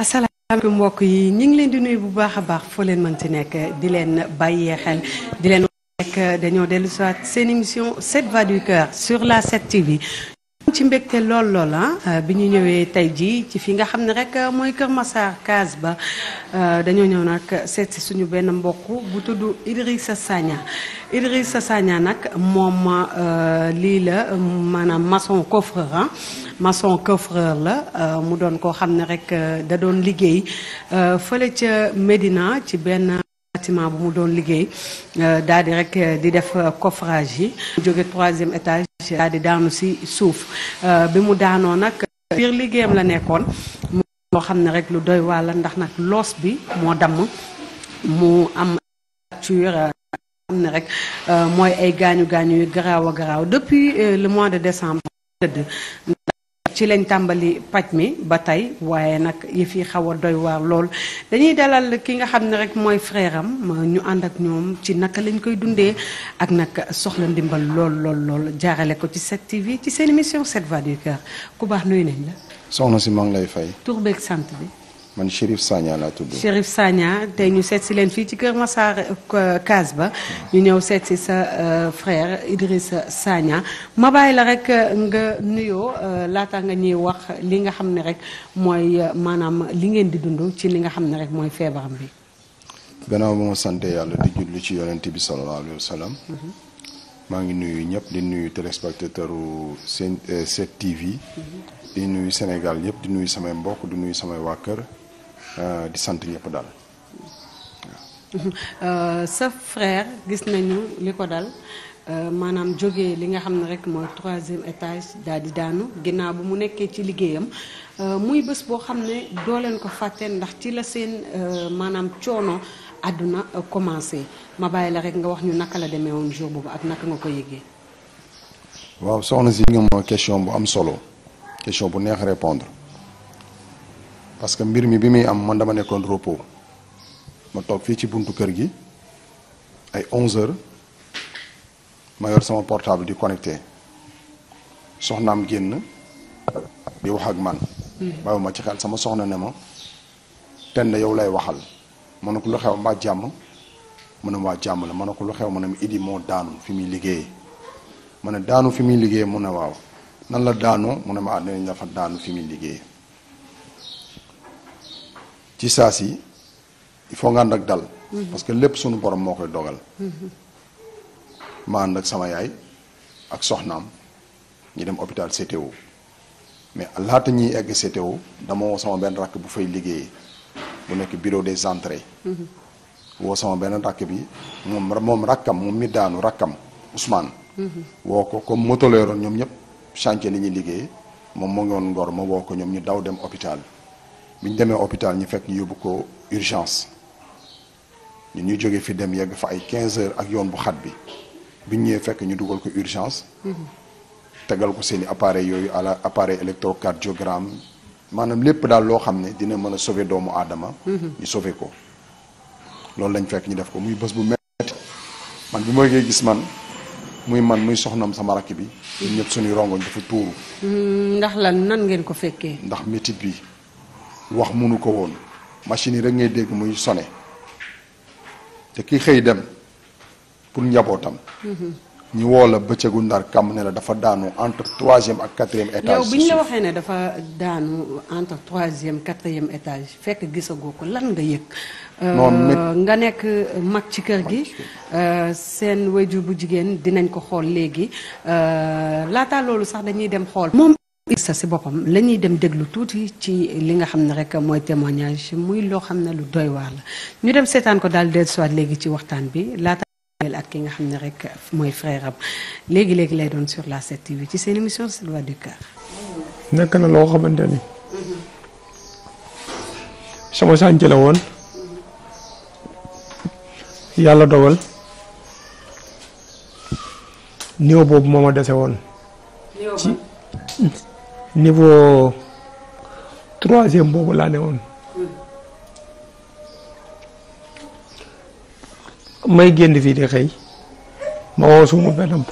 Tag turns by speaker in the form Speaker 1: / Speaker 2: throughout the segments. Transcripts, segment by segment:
Speaker 1: asalaamaaleykum mbokk yi ñu ngi leen di nuyu bu baax a baax foo leen ci nekk di leen bàyyee xel di leen nekk dañoo dellu siwaat seen émission 7 voix du cœur sur la 7 TV ci mbégte lool lool ah euh, bi ñu ñëwee tey jii ci fi nga xam ne rek euh, mooy Kër Massar Case ba euh, dañoo ñëw nag seet suñu benn mbokk bu tudd Idrissa Sagna Idrissa Sagna nag moom lii la maanaam maçon coffreur ah, maçon coffreur la mu doon koo xam ne rek da doon liggéey fële ca Médina ci benn bâtiment bu mu doon liggéey euh, daal di rek euh, di def euh, coffrage yi mu jóge troisième étage daal di daanu si suuf bi mu daanoo nag biir liggéeyam la nekkoon mu xam ne rek lu doy wàlla ndax nag loos bi moo damm mu am fracture xam ne rek mooy ay gaañu gaañu yu garaaw a garaaw depuis le mois de décembre tëdd ci lañ tàmbali paj mi ba tey waaye nag yëf yi xaw a doy waar lool dañuy dalal ki nga xam ne rek mooy frère am ñu ànd ak ñoom ci naka lañ koy dundee ak nag soxla ndimbal lool lool lool jaarale ko ci 7TV ci seen émission 7 voix ku baax nuyu nañ la.
Speaker 2: soxna si maa lay fay.
Speaker 1: tur sant bi.
Speaker 2: man Chérif Sagna laa tudd.
Speaker 1: Chérif Sagna tey ñu seet si leen fii ci Kër Massar euh, Kaas ba ñu ñëw seet si sa euh, frère Idrissa Sagna ma bàyyi la rek euh, nga nuyoo laata nga ñuy wax li nga xam ne rek mooy maanaam li ngeen di dund ci li nga xam ne rek mooy feebaram bi.
Speaker 2: gannaaw ba ma yàlla di julli ci yonent bi sallallahu alayhi maa ngi nuyu ñëpp di nuyu téléspectateur seen 7TV. di nuyu Sénégal yëpp di nuyu samay mbokk di nuyu samay waa kër. Euh, di sant ñëpp daal waaw.
Speaker 1: Euh, sa frère gis nañu li ko dal euh, maanaam jóge li nga xam ne rek mooy troisième étage daal di daanu ginnaaw bu mu nekkee ci liggéeyam muy bés boo xam ne doo leen ko fàtte ndax ci la seen maanaam coono àdduna commencé ma bàyyi la rek nga wax ñu naka la demee woon jour boobu ak naka nga ko yëgee.
Speaker 2: waaw soxna si nga ma question bu am solo question bu neex répondre parce que mbir mi bi muy am man dama nekkoon repos ma toog fii ci buntu kër gi ay 11h ma yor sama portable di connecté soxnaam génn di wax ak man. bàyyi ma ci xel sama soxna ne ma tenn yow lay waxal ma ne ko lu xew mbaa jàmm ma ne waa jàmm la ma ne ko lu xew ma ne ma Idi moo daanu fi muy liggéey ma ne daanu fi muy liggéey mu ne waaw nan la daanoo mu ne ma ah dinañ daanu fi muy liggéey ci saa si il faut nga ak dal. Mhm. parce que lépp sunu borom moo koy dogal. Mhm. ma ak sama yaay ak soxnaam ñu dem hôpital CTO mais laata ñuy egg CTO dama woo sama benn rakk bu fay liggéeyee bu nekk bureau des entrées. Mhm. woo sama benn rakk bi moom moom rakkam moom mi daanu rakkam Ousmane. woo ko comme moto la ñoom ñëpp chantier li ñuy liggéey moom moo ngi woon ngor ma woo ko ñoom ñu daw dem hôpital. bi ñu demee hôpital ñu fekk ñu yóbbu ko urgence ñu ñu jógee fi dem yegg fa ay 15 heures ak yoon bu xat bi bi ñu ñëwee fekk ñu dugal ko urgence. tegal ko seen i yooyu à la appareil électrocardiogramme maanaam lépp daal loo xam ne dina mën a sauver doomu aadama. ñu sauver ko loolu lañ fekk ñu def ko muy bës bu metti man bi ma koy gis man. muy man muy soxnam sama rakk bi. ñun ñëpp suñuy rongoñ dafa tuuru.
Speaker 1: Hmm, ndax lan nan ngeen ko fekkee.
Speaker 2: ndax métit bi. wax munu ko woon machine yi rek ngay dégg muy sone te ki xëy dem pour njabootam. Mm-hmm. ñu woo la bëccëgu ndar kàmm ne la dafa daanu entre troisième ak quatrième étage. yow bi ñu la waxee
Speaker 1: ne dafa daanu entre troisième quatrième étage fekk gisagoo ko lan nga yëg. Euh, nga nekk mag ci kër gi. Euh, seen wayjur bu jigéen dinañ ko xool léegi euh, laata loolu sax dañuy dem xool moom. si boppam la ñuy dem déglu tuuti ci li nga xam ne rek mooy témoignage muy loo xam ne lu doy waar la ñu dem seetaan ko daal del soit léegi ci waxtaan bi laata ak ki nga xam ne rek mooy frère rab léegi léegi lay doon sur la 7TV ci seen émission c'est la voix du cœur.
Speaker 3: nekk na loo xamante ni sama sànc la yàlla dogal néew boobu moo ma dese woon. niveau troisième boobu laa ne woon may génn fii di xëy ma woo suma benn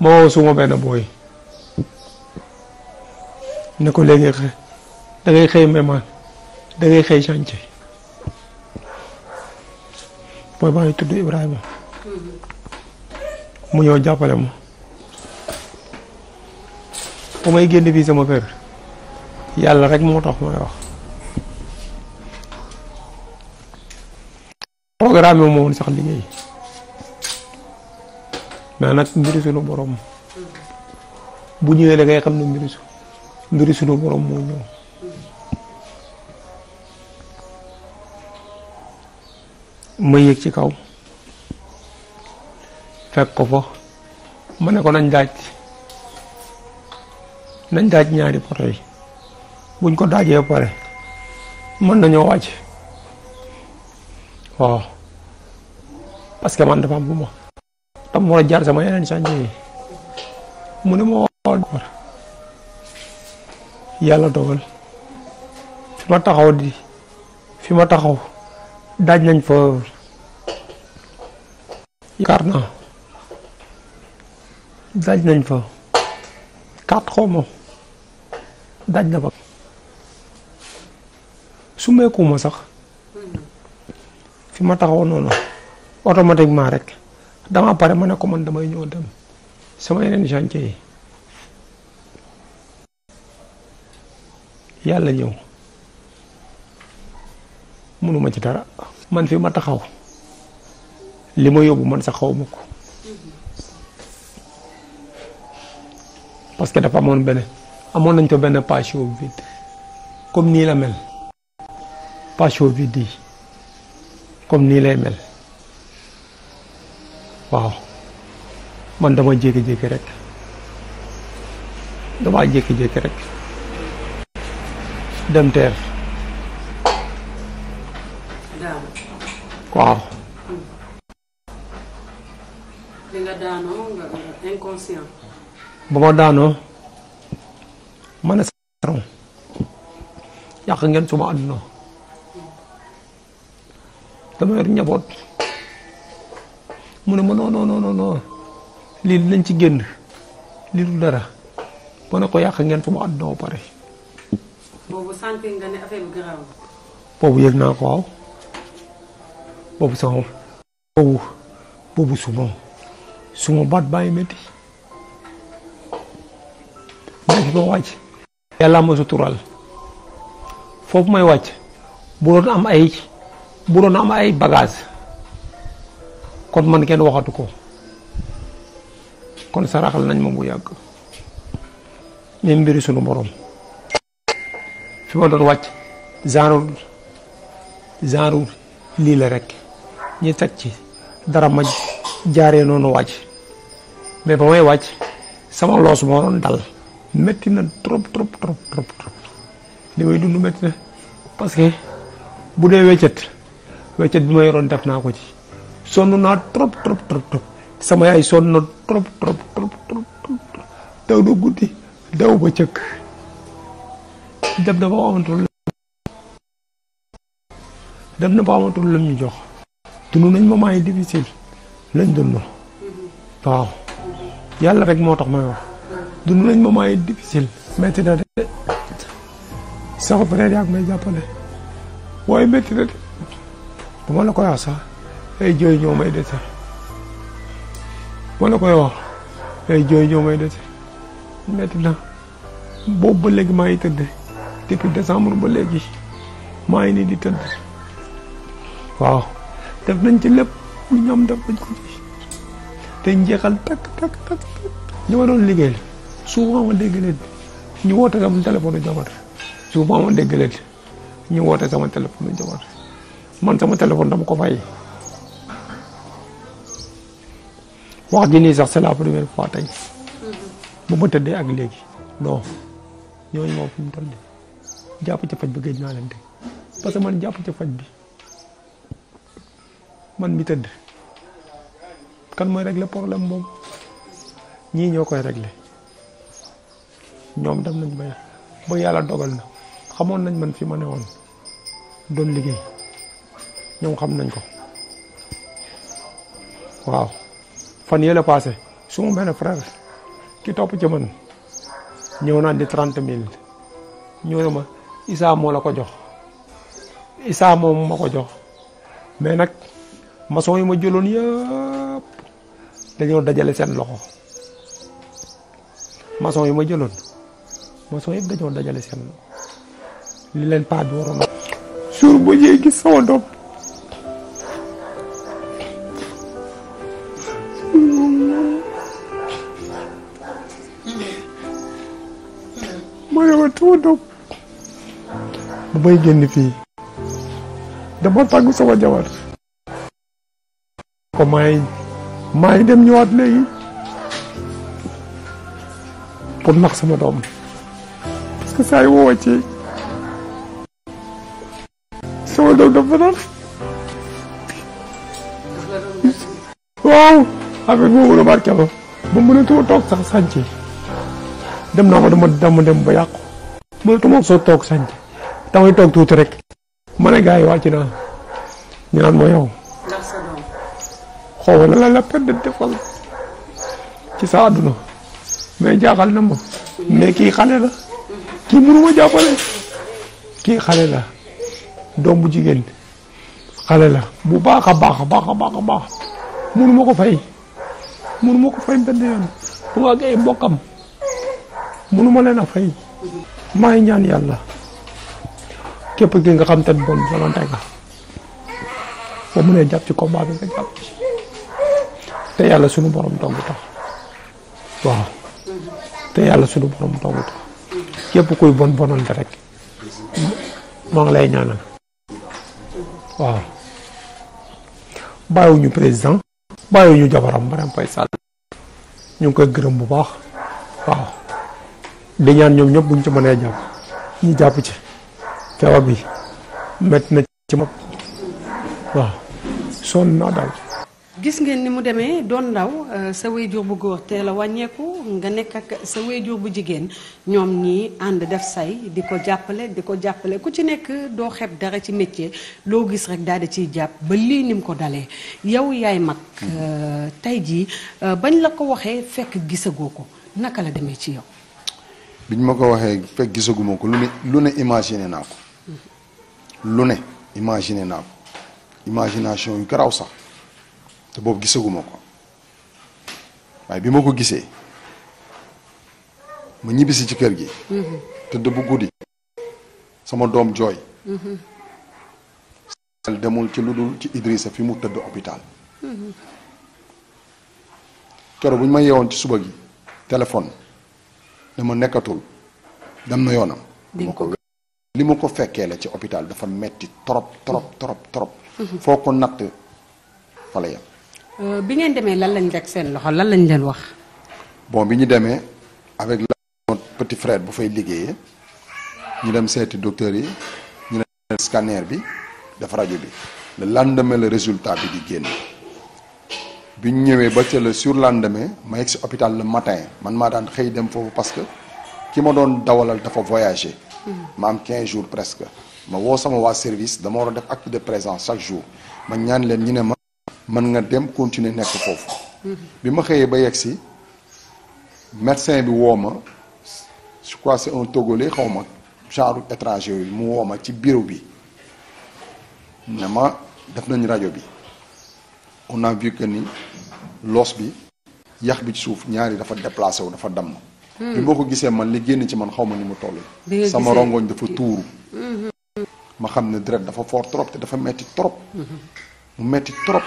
Speaker 3: ma woo suma benn booy ne ko léegi dangay xëy méman dangay ngay xëy chantier booy ba ngay tudd Ibrahima
Speaker 1: mm-hmm.
Speaker 3: mu ñëw jàppale mu bu may génn fii sama kër yàlla rek moo tax may wax programme moo woon sax liggéey mais nag mbiru sunu borom bu ñëwee da ngay xam ne mbiru sunu borom moo ñëw ma yéeg ci kaw fekk ko fa ma ne ko nañ laaj nañ daaj ñaari poto yi buñ ko daajee pare mën nañoo wàcc waaw parce que man dafa am bu ma tam war a jaar sama yeneen chantier yi mu ne ma war yàlla fi ma taxaw di fi ma taxaw daaj nañ fa yaakaar naa daaj nañ fa quatre xaw ma daaj na ba su meekuwuma sax fi ma taxaw noonu automatiquement rek dama pare ma ne ko man damay ñëw dem sama yeneen chantier yi yàlla ñëw mënuma ci dara man fi ma taxaw li ma yóbbu man sax xaw ma ko parce que dafa amoon beneen amoon nañ ko benn patio vide comme nii la mel patio vide yi comme nii lay mel waaw man dama jékki-jékki rek damaa jékki-jékki rek dem teer waaw. ba ma daanoo. ma ne saron yàq ngeen suma àdduna dama yor njaboot mu ne ma non non non non lii dinañ ci génn lii du dara ma ko yàq ngeen suma àdduna ba pare.
Speaker 1: boobu sentir nga ne affaire bi garaaw.
Speaker 3: boobu boobu sama boobu boobu suma suma baat bàyyi métti bàyyi ba wàcc. yàlla ma suturaal foofu may wàcc bu doon am ay bu doon am ay bagage kon man kenn waxatu ko kon saraxal nañ ma bu yàgg même mbiri sunu borom fi ma doon wàcc genre genre lii la rek ñu teg ci dara ma jaare noonu wàcc mais ba may wàcc sama loos moo dal métti na trop trop trop trop trop li may dund métti na parce que bu dee weccet weccet bi ma yoroon def naa ko ci sonn naa trop trop trop trop sama yaay sonn na trop trop trop trop daw na guddi daw ba cëkk dem na ba amatul dem na ba amatul lu ñu jox dund nañ moment yi difficile lañ dund waaw yàlla rek moo tax may wax dund nañ moment yi difficile métti na de sax peut yaa ngi may jàppale waaye métti na de bu ma la koy wax sax ay jooy ñoo may dese bu ma la koy wax ay jooy ñoo may dese métti na boobu ba léegi maa ngi tëdd depuis décembre ba léegi maa ngi nii di tëdd waaw def nañ ci lépp lu ñoom def nañ ko ci njeexal takk takk takk li liggéey souvent ma dégg leen ñu woote sama téléphone jabar souvent ma dégg leen ñu woote sama téléphone jabar man sama téléphone dama ko bàyyi wax ji nii sax c'est la première fois tey bu ma tëddee ak léegi non ñooñu moom fu mu toll jàpp ci faj bi géej naa leen teg parce que man jàpp ci faj bi man mi tëdd kan mooy régler problème boobu ñii ñoo koy régler ñoom dem nañ bay ba yàlla dogal na xamoon nañ man fi ma ne woon doon liggéey ñoom xam nañ ko waaw fan yële passé su ma benn frère ki topp ci man ñëw naan di trent mille ñëw na ma Issa moo la ko jox Issa moom ma ko jox mais nag maçon yi ma jëloon yëpp dañoo dajale seen loxo maçon yi ma jëloon maçon yëpp dañoo dajale seen li leen pas bi waroon jour ba jee gis sama doom bu may génn fii dama tàggu sama jabar ko may maa ngi dem ñëwaat léegi pour nax sama doom que saay woowacee sama doom dafa daan waaw affaire boobu woon a barkeeloo ba mënatuma toog sax sànce dem naa ko dama dama dem ba yàqu mënatuma soo toog sànce damay toog tuuti rek ma ne gars yi wàcc naa ñu naan ma yow xaw la la la perte defal ci sa àdduna mais jaaxal na ma mais kii xale la kii mënuma jàppale kii xale la doom bu jigéen xale la bu baax a baax a baax a baax a baax mënuma ko fay mënuma ko fay benn yoon bu ma ak ay mbokkam mënuma leen a fay maa ngi ñaan yàlla képp ki nga xam te bon volonté nga boo mënee jàpp ci combat bi nga jàpp ci te yàlla sunu borom dong tax te yàlla sunu borom dong tax képp kuy bon bonante rek moo ngi lay ñaanal waaw bàyyiwuñu président bàyyiwuñu jabaram Marième Faye Sall ñu ngi koy gërëm bu baax waaw di ñaan ñoom ñëpp buñ ci mënee jàpp ñu jàpp ci feebar bi métti na ci moom waaw sonn naa daal
Speaker 1: gis ngeen ni mu demee doon ndaw euh, sa wéyjur bu góor teel a wàññeeku nga nekk ak sa wéyjur bu jigéen ñoom ni ànd def say di ko jàppale di ko jàppale ku ci nekk doo xeeb dara ci métier loo gis rek daal di ciy jàpp ba lii ni ko dalee yow yaay mag euh, tey jii euh, bañ la ko waxee fekk gisagoo ko naka la demee ci yow.
Speaker 2: biñ ma ko waxee fekk gisaguma ko lu ne lu ne imaginer naa ko. Mm-hmm. lu ne imaginer naa ko imagination yu garaaw sax. te boobu gisaguma ko waaye bi ma ko gisee ma ñibbisi ci kër gi mm-hmm. tëdd bu guddi sama doom jooy sel mm-hmm. demul ci lu dul ci Idrissa fi mu tëdd hôpital mm-hmm. keroog bu ñu ma yeewoon ci suba gi téléphone dama nekkatul dem na yoonam ma ko li ma ko fekkee la ci hôpital dafa metti trop trop trop trop foo ko natt fa la yem
Speaker 1: Euh, bi ngeen demee lan lañ teg seen loxo lan lañ leen wax.
Speaker 2: bon bi ñu demee avec notre petit frère bu fay liggéeyee ñu dem seeti docteur yi ñu ne scanner bi def rajo bi le lendemain la résultat bi di génn bi ñu ñëwee ba ca sur surlendemain ma yegg si hôpital le matin man maa daan xëy dem foofu parce que ki ma doon dawalal dafa voyager. Hmm. ma am 15 jours presque. ma woo sama waa service dama war def acte de présence chaque jour ma ñaan leen ñu ne ma. man nga dem continuer nekk foofu bi ma xëyee ba yegg si médecin bi woo ma je crois c'est un togolais xaw ma genre étranger yooyu mu woo ma ci bureau bi ne ma def nañ rajo bi on a vu ni loos bi yax bi ci suuf ñaari dafa déplacé wu dafa damm hmm. bi moo ko gisee man li génn ci man xaw ma ni mu toll sama rongoñ dafa tuuru hmm. ma xam ne deret dafa fort trop te dafa metti trop hmm. mu metti trop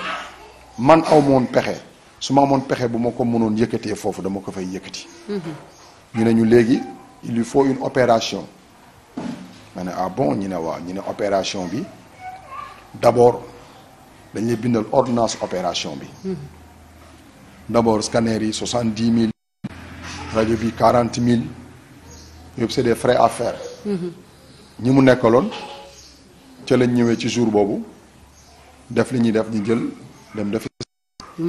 Speaker 2: man aw ma pexe su ma amoon pexe bu ma ko mënoon yëkkatee foofu dama ko fay yëkkati. Mm-hmm. ñu ne ñu léegi il lui faut une opération ma ne ah bon ñu ne waaw ñu ne opération bi d'abord dañ lay bindal ordinance opération bi. Mm-hmm. d'abord scanner yi soixante dix mille rajo bi quarante mille yëpp c'est des frais à mm-hmm. ñi mu nekkaloon ca lañ ñëwee ci jour boobu def li ñuy def ñu jël. dem dafa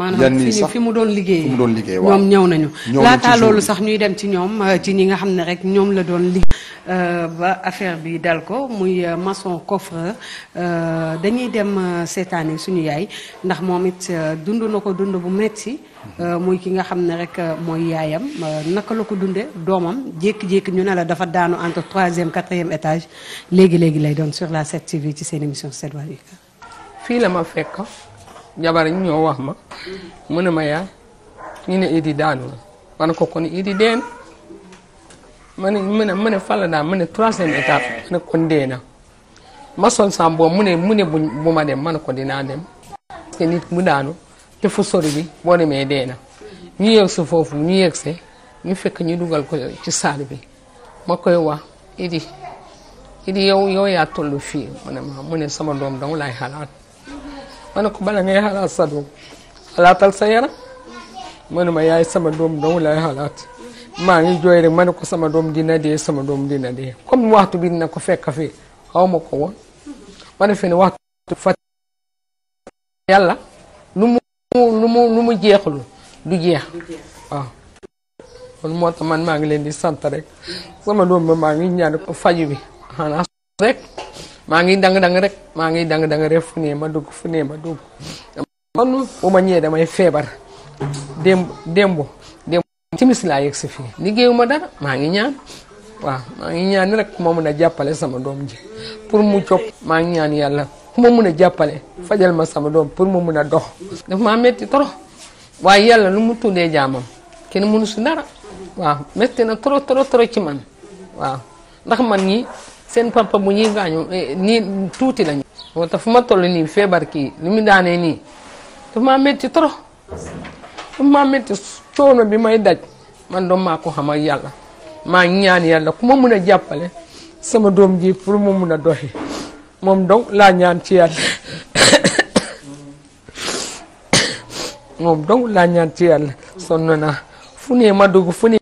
Speaker 2: maanaam fi fi mu doon liggéey fi mu doon liggéey waaw ñoom
Speaker 1: ñëw nañu laataa loolu sax ñuy dem ci ñoom euh, ci ñi nga xam ne rek ñoom la doon liggéey euh, ba affaire bi dal ko muy euh, maçon coffreur dañuy dem seetaani suñu yaay ndax moom it dund na ko dund bu metti muy ki nga xam ne rek mooy yaayam naka la ko dunde doomam jékki-jékki ñu ne la dafa daanu entre troisième quatrième étage léegi-léegi lay doon sur la 7TV ci seen émission 7 waa
Speaker 4: fii la ma fekk jabar ñoo wax ma mu ne ma yaa ñu ne Idi daanu na ko kon Idi dee na ma ne mu ne ma ne fan la daan ma ne troisième étape ma ne kon dee na ma sol sam boobu mu ne mu ne bu ma dem ma ne ko dinaa dem parce nit mu daanu te fu sori bi boo demee dee na ñu yegg si foofu ñu yegg si ñu fekk ñu dugal ko ci saal bi ma koy wax Idi Idi yow yow yaa toll fii mu sama doom dong laay xalaat mane ko bala ngay sa doom xalaatal sa yaram ma ne ma yaay sama doom dong lay xalaat maa ngi jooy rek ma ne ko sama doom dina dee sama doom dina dee comme waxtu bi dina ko fekk fii xaw ma ko woon ma ne fi ne waxtu fa yàlla lu mu lu mu jeexul du jeex waaw kon moo tax man maa ngi leen di sant sama doom ba maa ngi ñaan ko faju bi xanaa rek maa ngi dang-dang rek maa ngi dang-dang rek fu ma dugg fu ne ma dugg kon bu ma ñëwee damay feebar démb démb démb timis laa yegg si fii ma dara maa ngi ñaan waaw maa ngi ñaan rek ku ma mën a jàppale sama doom ji pour mu jóg maa ngi ñaan yàlla ku ma mën a jàppale fajal ma sama doom pour mu mën a dox daf maa métti toro waaye yàlla lu mu tuddee jaamam kenn mënu si dara waaw métti na trop trop trop ci man waaw ndax man ñi seen papa bu ñuy gaañu eh, nii tuuti la moo tax fu ma toll nii feebar kii li mu daanee nii dafa maa métti trop dafa maa métti coono bi may daj man doom maa ko xam ak yàlla maa ñaan yàlla ku ma mun a jàppale sama doom ji pour mu mun a doxi moom donc laa ñaan ci yàlla moom donc laa ñaan ci yàlla sonn naa fu nee ma dugg fu nee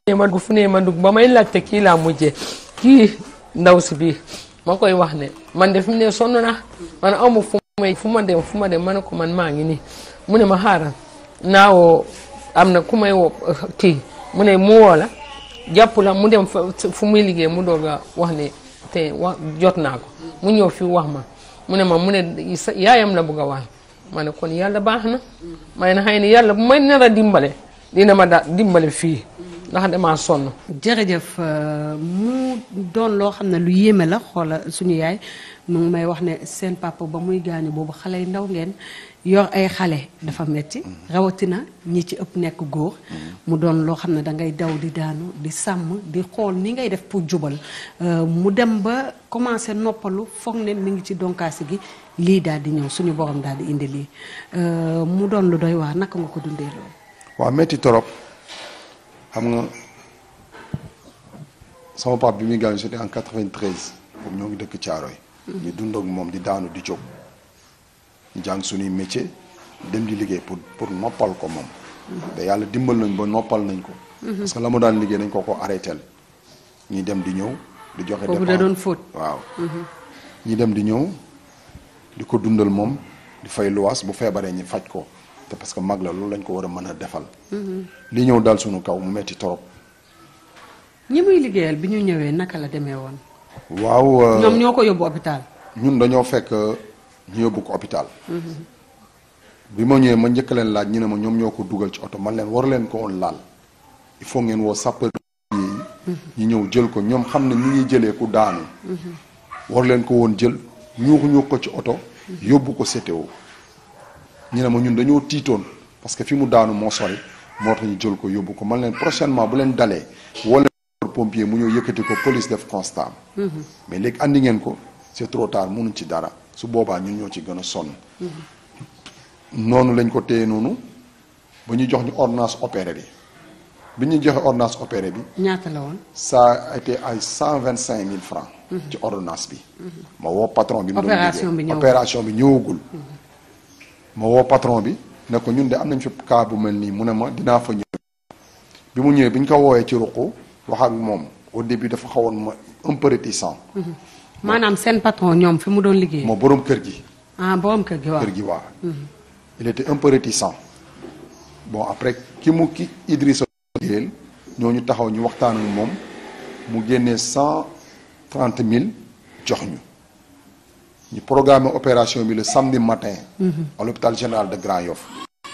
Speaker 4: ma dugg ba may laajte kii laa mujjee kii. ndaw si bii ma koy wax ne man de fi ne sonn na man amu fu may fu ma dem fu ma de ma ne ko man maa ngi nii mu ne ma xaaral naa woo am na ku may woo kii mu ne mu woo la jàpp mu dem fu muy liggéey mu doog a wax ne te wax jot naa ko mu ñëw fi wax ma mu ne ma mu ne yaayam la bëgg a wax ma ne kon yàlla baax na may na xëy na yàlla bu may nar dimbale
Speaker 1: dina ma da dimbale fii ndax damaa sonn. jërëjëf euh, mu doon loo xam ne lu yéeme la xoola suñu yaay mu ngi may wax ne seen papa ba muy gaañu boobu xale yu ndaw ngeen yor ay xale dafa metti rawatina ñi ci ëpp nekk góor. mu doon loo xam ne da ngay daw di daanu di sàmm di xool ni ngay def pour jubal euh, mu dem ba commencé noppalu foog ne mi ngi ci donkaasi gi lii daal di ñëw suñu borom daal di indi lii euh, mu doon lu doy waa naka nga ko dundee loolu.
Speaker 2: waaw metti torop. xam nga sama pap bi muy gaañu c'était en 93 boobu ñoo ngi dëkk Caaroy ñu mm-hmm. dund moom di daanu di jóg ñu jàng suñuy métier dem di liggéey pour pour noppal ko moom mm-hmm. te yàlla dimbal nañ ba noppal nañ ko sa mm-hmm. la mu daan liggéey nañ ko ko arrêté ñuy dem di ñëw di joxe boobu da doon fóot waaw ñuy dem di ñëw di ko dundal moom di fay luwaas bu feebaree ñi faj ko te parce que mag la loolu lañ ko war a mën a defal. li ñëw dal suñu kaw mu metti torop.
Speaker 1: ñi muy liggéeyal bi ñu ñëwee naka la demee woon.
Speaker 2: waaw euh, ñoom ñoo
Speaker 1: ko yóbbu hôpital.
Speaker 2: ñun dañoo fekk euh, ñu yóbbu ko hôpital. Mm-hmm. bi ma ñëwee ma njëkk leen laaj ñu ne ma ñoom ñoo ko dugal ci oto man leen war leen ko woon laal il faut ngeen woo sapeur yi mm-hmm. ñu ñëw jël ko ñoom xam ne ñu ngi jëlee ku daanu. Mm-hmm. war leen ko woon jël ñuuxu ñuux ko ci oto. yóbbu ko CTO. ñu ne ma ñun dañoo tiitoon parce que fi mu daanu moo sori moo tax ñu jël ko yóbbu ko man leen prochainement bu leen dalee wala pompier mu ñëw yëkkati ko police def constat mm-hmm. mais léegi andi ngeen ko c'est trop tard ci dara su boobaa ñun ñoo ci gën a sonn mm-hmm. lañ ko téye noonu ba ñu jox ñu ordonnance opéré bi bi ñu joxe ordonnance opéré bi ñaata la woon a été cent vingt cinq mille francs mm-hmm. ci ordonnance bi ma woo patron bi mu doon opération bi ñëwagul ma woo patron bi ne ñun de am nañ fi cas bu mel nii mu ne ma dinaa fa ñëw bi mu ñëwee bi ñu ko wooyee ci ruq wax ak moom au début dafa xawoon ma un peu réticent. Mhm. maanaam seen patron ñoom fi mu doon liggéey. moo borom kër gi. ah borom kër gi waaw kër gi waaw. Mhm. il était bon après ki mu ki Idrissa ñoo ñu taxaw ñu waxtaan ak moom mu génnee cent trente mille jox ñu. ñu programme opération bi le samedi matin. Mm-hmm. à l'hôpital général de Grand Yoff.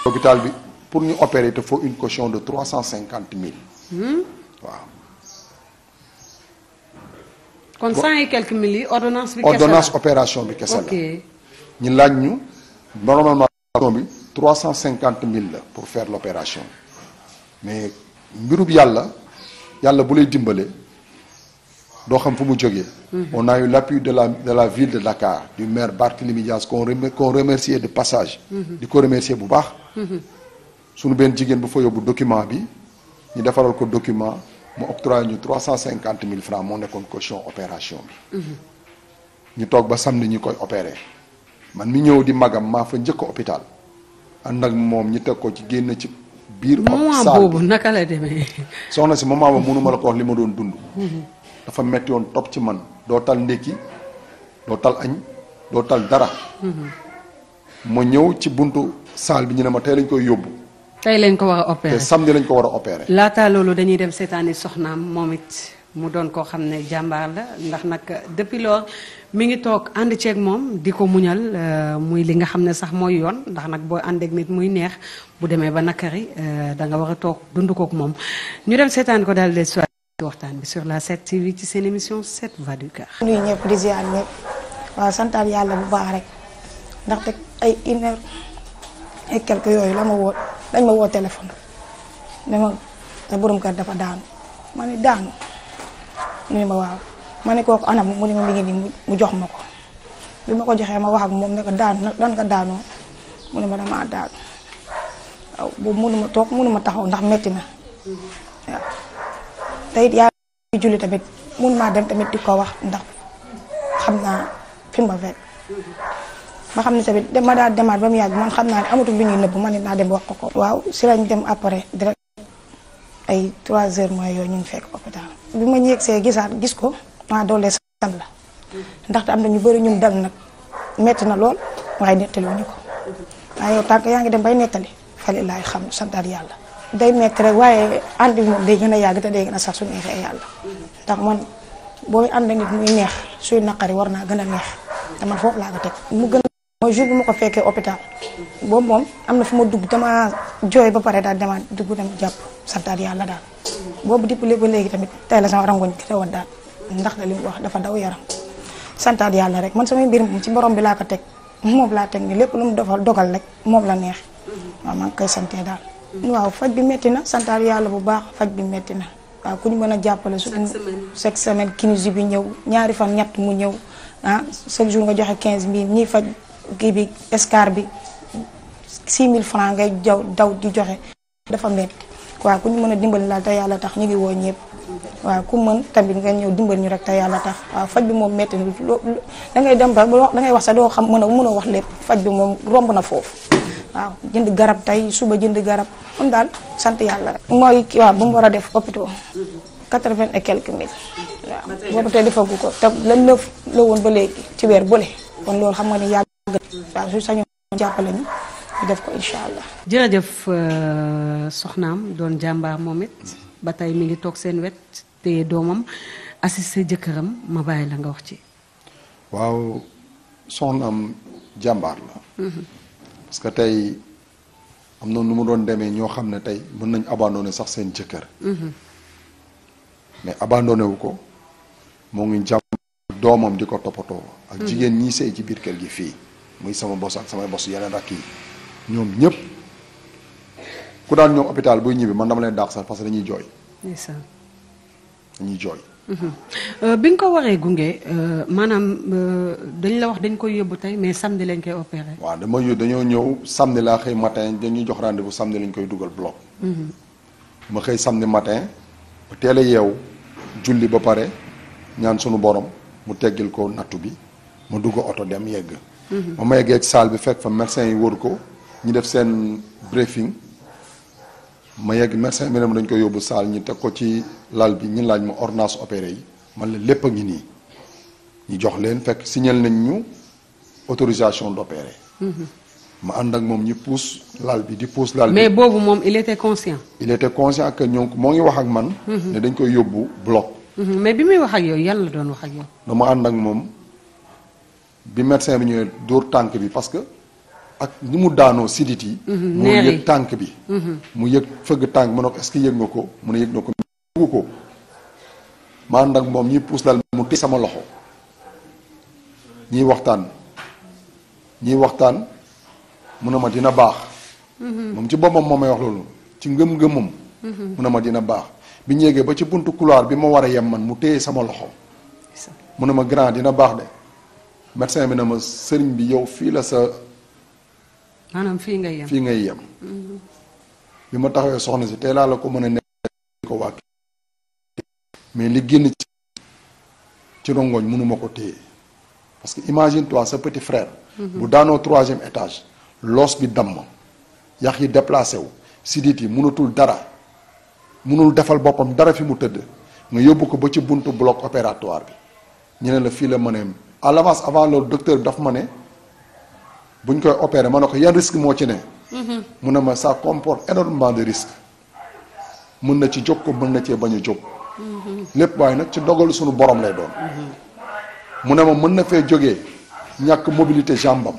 Speaker 2: hôpital bi pour ñu opérer te faut une caution de trois cent cinquante mille. Hmm? waaw.
Speaker 1: kon cent bi. kese la ordonnance
Speaker 2: opération bi kese ñu laaj ñu normalement bi trois cent cinquante mille la pour faire l' opération mais mbirub yàlla yàlla bu lay dimbale. doo xam fu mu jógee. Mhm. on a eu l'appui de la de la ville de Dakar du maire Barthélémy Dias qu'on qu'on remercier de passage. Mhm. di ko remercier bu baax. Mhm. suñu benn jigéen bu fa yóbbu document bi ñu defaral ko document mu octroyé ñu trois cent cinquante mille francs moo nekkoon caution opération ñu toog ba samedi ñu koy opéré man mi ñëw di magam maa fa njëkk hôpital ànd ak moom ñu teg ko ci génn ci. biir saal moment boobu naka la demee. soxna si moment ba mënu ma la ko wax li ma doon dund. dafa metti woon topp ci man doo tal ndékki doo tal añ doo tal dara. ma ñëw ci buntu saal bi ñu ne ma tey lañ koy yóbbu.
Speaker 1: tey lañ ko war a
Speaker 2: opérer te samedi lañ ko war a opérer.
Speaker 1: laataa loolu dañuy dem seetaani soxnaam moom it mu doon koo xam ne jàmbaar la ndax nag depuis lors mi ngi toog ànd ceeg moom di ko muñal euh, muy li nga xam ne sax mooy yoon ndax nag boo àndeek nit muy neex bu demee ba nakari euh, da nga war a toog dund kook moom ñu dem seetaan ko daal de waxtaan bi sur la 7 TV ci seen
Speaker 5: émission 7 voix du ñëpp di ziar ñëpp waaw santaat yàlla bu baax rek ndaxte ay une heure et yooyu la ma woo dañ ma woo téléphone ne ma sa borom kër dafa daanu ma ni daanu mu ne ma waaw ma ne kooku anam mu ne ma mi mu jox ma ko bi ma ko joxee ma wax ak moom ne ko daanu lan nga daanoo mu ne ma damaa daanu waaw boobu mënu toog mënu ma taxaw ndax metti na te it yaa julli tamit mun maa dem tamit di ko wax ndax xam naa fi ma fekk ba xam ne tamit dama daal demaat ba mu yàgg man xam naa ne amatul lu ñuy nëbb man it naa dem wax ko ko. waaw si lañ dem après direct ay 3 heures mooy yooyu ñu ngi fekk hôpital bi ma ñeeg see gisaat gis ko maa doole sant la ndaxte am na ñu bari ñun dal nag metti na lool waaye nettali wuñu ko waaye yow tànk yaa ngi dem bay nettali xale laay xam santaat yàlla. day nekk rek waaye ànd bi moom day gën a yàgg te day gën a sax su neexee yàlla ndax man booy ànd nit muy neex suy naqari war naa gën a neex te man foofu laa ko teg mu gën mooy jour bi ma ko boobu moom am na fu ma dugg dama jooy ba pare daal dama dugg dem jàpp santaat yàlla daal boobu depuis ba léegi tamit tey la sama rangoñ gi teewoon daal ndax da li mu wax dafa daw yaram santaat rek man samay mbir moom ci borom bi laa ko teg laa teg ni lépp lu mu defal dogal rek moom la neex waaw maa ngi koy santee daal waaw faj bi metti na santaal yàlla bu baax faj bi metti na waaw ku ñu mën a jàppale su chaque semaine kinis bi ñëw ñaari fan ñett mu ñëw ah chaque jour nga joxe quinze mille ñiy faj kii bi escar bi six mille francs ngay jaw daw di joxe dafa métti waaw ku ñu mën a dimbali laal te yàlla tax ñu ngi woo ñëpp waaw ku mën tamit nga ñëw dimbali ñu rek te yàlla tax waaw faj bi moom metti na loo da ngay dem ba da ngay wax sax doo xam mën a mënoo wax lépp faj bi moom romb na foofu waaw jënd garab tey suba jënd garab moom daal sant yàlla rek. mooy waaw bu mu war a def hôpital. quatre-vingt et quelques mille. waaw boobu tey defagu ko te la lëf la woon ba léegi ci weer bële. kon loolu xam nga ne yàgg waaw su sañoon jàppale ñu def ko incha allah.
Speaker 1: jërëjëf euh, soxnaam doon jàmbaar moom it ba tey mi ngi toog seen wet téye doomam assisté jëkkëram ma bàyyi la nga wax ci.
Speaker 2: waaw soxnaam jàmbaar la. Mhm. parce que tey am na nu mu doon demee ñoo xam ne tey mën nañ abandonné sax seen jëkkër mm-hmm. mais abandonné wu ko moo ngi jàmm doomam di ko toppatoo ak mm-hmm. jigéen ñi sëy ci biir kër gi fii muy sama bos ak samay bos yeneen rakk yi ñoom ñëpp ku daan ñoom hôpital buy ñibbi man dama leen daax sax parce que dañuy jooy dañuy jooy
Speaker 1: Euh, bi nga ko waree gunge euh, maanaam euh, dañ la wax dañ koy yóbbu tey mais samedi lañ koy opéré.
Speaker 2: waa dama yób dañoo ñëw samedi laa xëy matin dañuy jox rendez bu samedi lañ koy dugal bloc. Mhm. ma xëy samedi matin ba teel a yeewu julli ba pare ñaan sunu borom mu teggil ko nattu bi ma dugg oto dem yegg. Mhm. ma ma yeggee ci bi fekk fa médecin yi wër ko ñu def seen briefing. ma yegg médecin bi ne ma dañ koy yóbbu saal ñi teg ko ci lal bi ñu laaj ma ordonnance opéré yi man la lépp a ngi nii ñu jox leen fekk signal nañ ñu autorisation d'opérer ma ànd ak moom ñu pousse lal bi di pousse lal bi mais
Speaker 1: boobu moom il était conscient
Speaker 2: il était conscient que ñoo moo ngi wax ak man mhm. ne dañ koy yóbbu bloc
Speaker 1: mhm. mais bi muy wax ak yow yan doon wax ak yow
Speaker 2: dama ànd ak moom bi médecin bi ñëwee dóor tànk bi parce que ak ni mu daanoo sidit yi
Speaker 1: mhm,
Speaker 6: mu yëg
Speaker 2: tànk bi mhm. mu yëg fëgg tànk ma ne ko est yëg nga ko mu ne yëg na ko yëgu ko ma ànd ak moom ñuy puus dal mu téye sama loxo ñuy waxtaan ñuy waxtaan mu ne ma dina baax mhm. moom ci boppam moo may wax loolu ci ngëm-ngëmam mu ne ma dina baax bi ñu yeggee ba ci buntu couloir bi ma war a yem man mu téye sama loxo mu ne ma grand dina baax de médecin bi ne ma sëriñ bi yow fii la sa
Speaker 1: maanaam fii ngay yem
Speaker 2: fii ngay yem. bi ma taxawee soxna si tey laa la ko mën a nekk ko wàcc. mais li génn ci ci rongoñ mënuma ko téye parce que imagine toi sa petit frère. Mhm. bu daanoo troisième étage. loos bi damm yax yi déplacé wu sidit yi mënatul dara mënul defal boppam dara fi mu tëdd nga yóbbu ko ba ci buntu bloc opératoire bi ñu ne la fii la mëneem à l'avance avant loolu docteur daf ma ne. bu ñu koy opéré man ne ko yan risque moo ci ne. Mhm. mu ne ma ça comporte énormément de risque mën na ci jóg ko mën na cee bañ a jóg.
Speaker 6: Mhm. lépp
Speaker 2: waaye nag ci dogalu suñu borom lay doon.
Speaker 6: Mhm.
Speaker 2: mu ne ma mën na fee jóge ñàkk mobilité jambam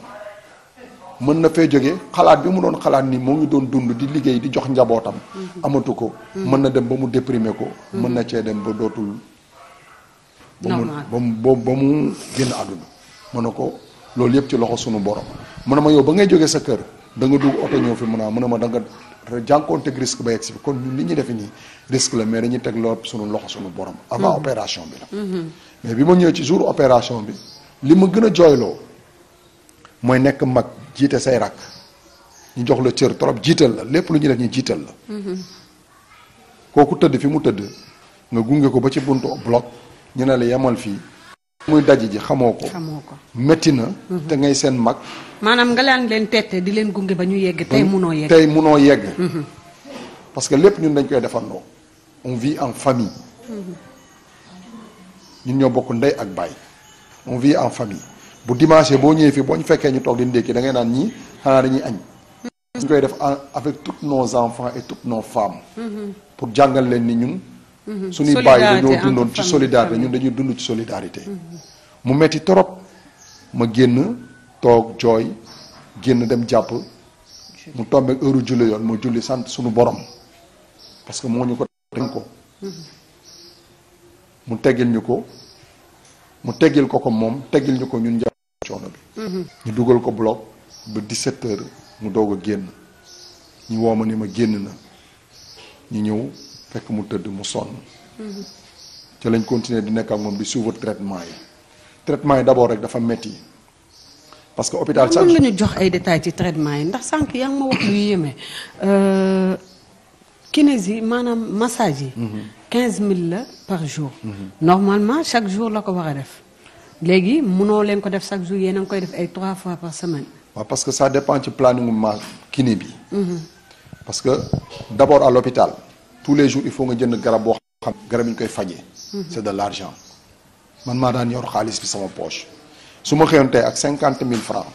Speaker 2: mën na fee jóge xalaat bi mu doon xalaat nii moo ngi doon dund di liggéey di jox njabootam. amatu ko. mën na dem ba mu déprimer ko. mën na cee dem ba dootul. ba mu ba mu génn àdduna. mën na ko. loolu yëpp ci loxo sunu borom mu ne ma yow ba ngay jógee sa kër danga nga dugg oto ñëw fi mu ne ma danga nga jànkoonteeg risque ba yegg bi kon ñun li ñuy defe nii risque la mais dañuy teg lool sunu loxo sunu borom avant mm-hmm. opération bi la mm-hmm. mais bi ma ñëwee ci jour opération bi li ma gën a jooyloo mooy nekk mag jiite say rakk ñu jox la cër trop jiital la lépp lu ñuy def ñu jiital la mm-hmm. kooku tëdd fi mu tëdd nga gunge ko ba ci buntu bloc ñu ne la yemal fii muy daji ji xamoo ko. xamoo ko métti na. Mhm. te ngay seen mag.
Speaker 1: maanaam nga laan leen tette di leen gunge ba ñu yegg. tey munoo yegg tey munoo
Speaker 2: yegg. Mhm. parce que lépp ñun dañ koy defandoo. on vit en famille. Mhm. ñun ñoo bokk ndey ak baay. on vit en famille. bu dimanche boo ñëwee fii boo ñu fekkee ñu toog di ndékki da naan ñii xanaa dañuy añ. ñu koy def avec tous nos enfants et toutes nos femmes. pour jàngal leen ni ñun.
Speaker 6: Mhm. suñuy bàyyi dañoo dundoon ci
Speaker 2: solidarité ñun dañuy dund ci solidarité mhm. mu metti torop ma génn toog jooy génn dem jàpp mu tombeek heure julli yoon ma julli sant suñu borom parce que moo ñu ko dañ ko mhm. mu teggil ñu ko mu teggil ko ko moom teggil ñu ko ñun njàpp coono bi ñu dugal ko bloc ba 17 heures mu doog génn ñu woo ma ni ma génn na ñu ñëw fekk mu tëdd mu sonn. ci lañ continuer di nekk ak moom di suivre traitement yi traitement yi d'abord rek dafa metti parce que hôpital sa nga ñu
Speaker 1: jox ay détails ci traitement yi ndax sànq yaa ngi ma wax lu yéeme euh, kinési yi maanaam massage yi. 15000 mhm. la par jour. Mhm. normalement chaque jour la ko wax a def léegi mënoo leen ko def chaque jour yéen koy def ay 3 fois par semaine.
Speaker 2: waaw parce que ça dépend ci planning ma kiné bi. Mhm. parce que d'abord à l'hôpital tous les jours il faut nga jënd garab boo xam garab yi ñu koy fajee. Mhm. c' de l' argent man maa daan yor xaalis bi sama poche su ma xëyoon tey ak cinquante mille franc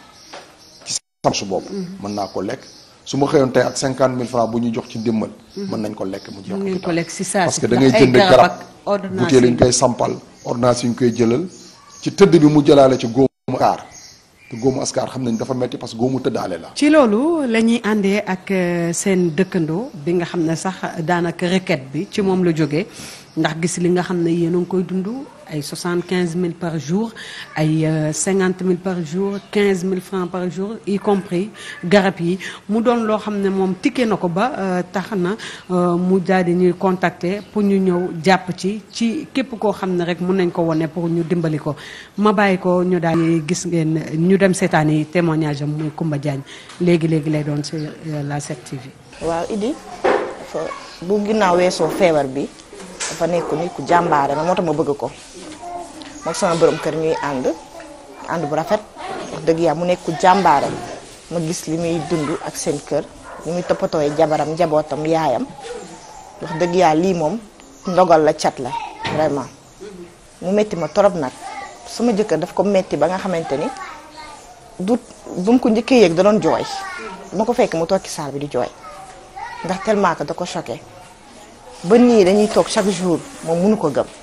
Speaker 2: ci sama su bopp. Mhm. mën naa ko lekk su ma xëyoon tey ak cinquante mille franc bu ñu jox ci dimbal. Mhm. mën nañ ko lekk mu jeex ko lekk si saa que da ngay jënd garab
Speaker 1: ordonnance yi ñu koy
Speaker 2: sampal ordonnance yi ñu koy jëlal ci tëdd bi mu jëlaale ci góomu kaar. te góomu askar xam nañ dafa metti parce que góomu tëddaale la.
Speaker 1: ci loolu la àndee ak euh, seen dëkkandoo bi nga xam ne sax daanaka requête bi ci moom la jóge ndax gis li nga xam ne yéen a ngi koy dund. ay soixante quinze mille par jour ay euh, cinquante mille par jour quinze mille francs par jour y compris garab yi mu doon loo xam ne moom tikke na ko ba euh, tax na euh, mu daal di ñuy contacter pour ñu ñëw jàpp ci ci képp koo xam ne rek mun nañ ko wone pour ñu dimbali ko ma bàyyi ko ñu daal di gis ngeen ñu dem seetaani témoignage am muy Kumba Diagne léegi léegi lay doon ci la 7TV.
Speaker 7: waaw Idi bu ginnaaw weesoo feebar bi dafa nekk nit ku jàmbaare na moo tax ma bëgg ko. moom sama borom kër ñuy ànd ànd bu rafet wax dëgg yàlla mu nekk ku jàmbaare ma gis li muy dund ak seen kër li muy toppatooy jabaram njabootam yaayam wax dëgg yàlla lii moom ndogal la cat la vraiment mu metti ma torop nag sama jëkkër daf ko métti ba nga xamante ni du bu mu ko njëkkee yéeg da doon jooy ma ko fekkee mu toog ci saal bi di jooy ndax tellement da ko choqué ba nii dañuy toog chaque jour moom mënu ko gëm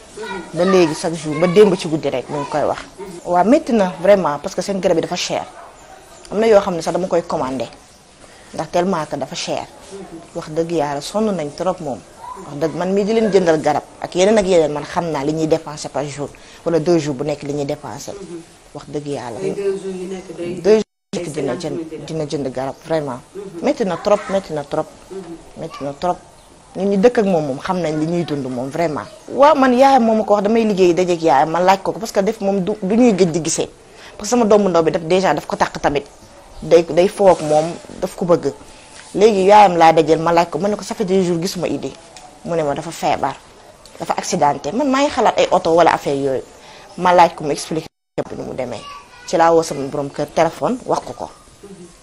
Speaker 7: ba léegi chaque jour ba démb ci guddi rek ñu ngi koy wax. waaw métti na vraiment parce que seen garab yi dafa cher am na yoo xam ne sax dama koy commandé ndax tellement dafa cher wax dëgg yàlla sonn nañ trop moom. wax dëgg man mii di leen jëndal garab ak yeneen ak yeneen man xam naa li ñuy dépensé par jour wala deux jours bu nekk li ñuy dépensé. wax dëgg yàlla. deux
Speaker 1: jours dina jënd dina
Speaker 7: jënd garab vraiment. métti na trop metti na trop. métti na trop. Mhm. ñun ñi dëkk ak moom moom xam nañ li ñuy dund moom vraiment. waa man yaayam moom ma ko wax damay liggéey dajeeg yaayam ma laaj ko ko parce que def moom du ñuy gëj di gisee parce que sama doomu ndaw bi daf déjà daf ko tàq tamit day day foog moom daf ko bëgg léegi yaayam laa dajeel ma laaj ko ma ne ko ça fait des gisuma idée mu ne ma dafa feebar dafa accidenté man maa ngi xalaat ay oto wala affaire yooyu ma laaj ko mu expliqué nu mu demee ci laa woo sama borom kër téléphone wax ko ko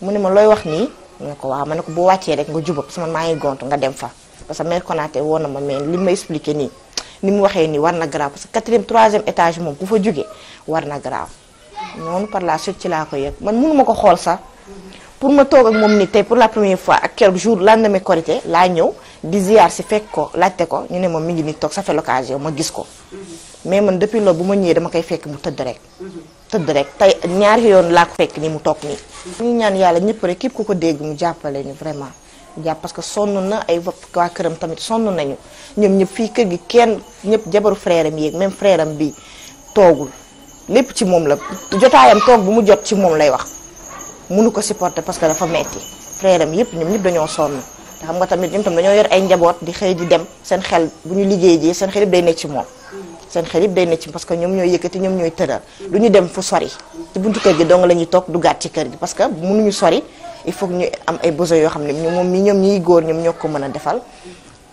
Speaker 7: mu ne ma looy wax nii mu ne ko waaw ma ne ko boo wàccee rek nga jubab sama maa ngi gontu nga dem fa. parce que mère Konaté woon na ma mais li ma expliqué nii ni mu waxee nii war na grave parce que quatrième troisième étage moom ku fa jógee war na grave noonu par la suite ci laa ko yëg man mënu ma ko xool sax pour ma toog ak moom ni tey pour la première fois ak quelques jours lendemain Korité laa ñëw di ziar si fekk ko laajte ko ñu ne moom mi ngi ni toog ça fait l'occasion ma gis ko mais man depuis loolu bu ma ñëwee dama koy fekk mu tëdd rek tëdd rek tey ñaari yoon laa ko fekk mu toog nii ñaan yàlla ñëpp rek képp ku ko dégg mu jàppale ñu jàpp parce que sonn na ay waa këram tamit sonn nañu ñoom ñëpp fii kër gi kenn ñëpp jabaru frère am yeeg même frère am bi toogul lépp ci moom la jotaayam toog bu mu jot ci moom lay wax munu ko supporter parce que dafa metti frère am yëpp ñoom ñëpp dañoo sonn te xam nga tamit ñoom tam dañoo yor ay njaboot di xëy di dem seen xel bu ñu liggéey ji seen xel yëpp day nekk ci moom seen xel yëpp day nekk ci parce que ñoom ñooy yëkkati ñoom ñooy tëral du ñu dem fu sori ci buntu kër gi dong la ñuy toog du gàtt ci kër gi parce que mënuñu sori il faut ñu am ay besoins yoo xam ne moom mi ñoom ñiy góor ñoom ñoo ko mën a defal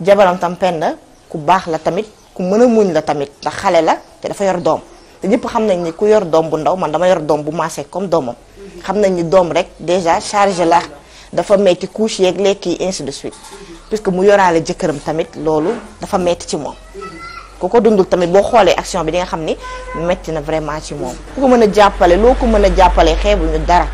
Speaker 7: jabaram tam penda ku baax la tamit ku mën a muñ la tamit ndax xale la te dafa yor doom te ñëpp xam nañ ni ku yor doom bu ndaw man dama yor doom bu maase comme doomam xam nañ ni doom rek déjà chargé la dafa metti couche yeeg lekk yi ainsi de suite puisque mu yoraale jëkkëram tamit loolu dafa metti ci moom ku ko dundul tamit boo xoolee action bi di nga xam ni metti na vraiment ci moom ku ko mën a jàppale loo ko mën a jàppale xeebuñu dara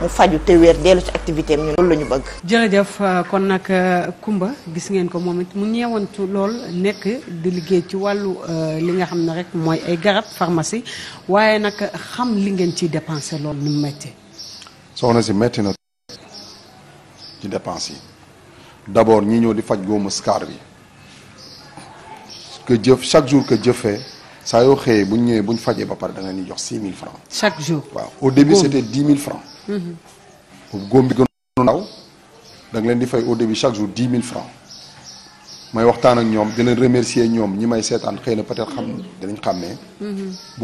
Speaker 7: mu faju te wér dellu ci activité am ñun loolu la ñu bëgg.
Speaker 1: jërëjëf euh, kon nag euh, Kumba gis ngeen ko moom it mu ñeewantu lool nekk di liggéey ci wàllu euh, li nga xam ne rek mooy ay garab pharmacie waaye nag xam li ngeen ciy dépensé lool ni mu métti.
Speaker 2: soxna si metti na ci dépense yi d'abord ñi ñëw di faj góomu scar bi que jëf chaque jour que jëfee saa yoo xëyee bu ñu ñëwee bu ñu fajee ba pare da nga jox 6 000 francs. chaque jour waaw au début c'était 10 000 francs. góom bi gënoon ndaw da nga leen di fay au début chaque jour dix mille francs may waxtaan ak ñoom di leen remercier ñoom ñi may seetaan xëy na peut-être xam dinañ xàmmee.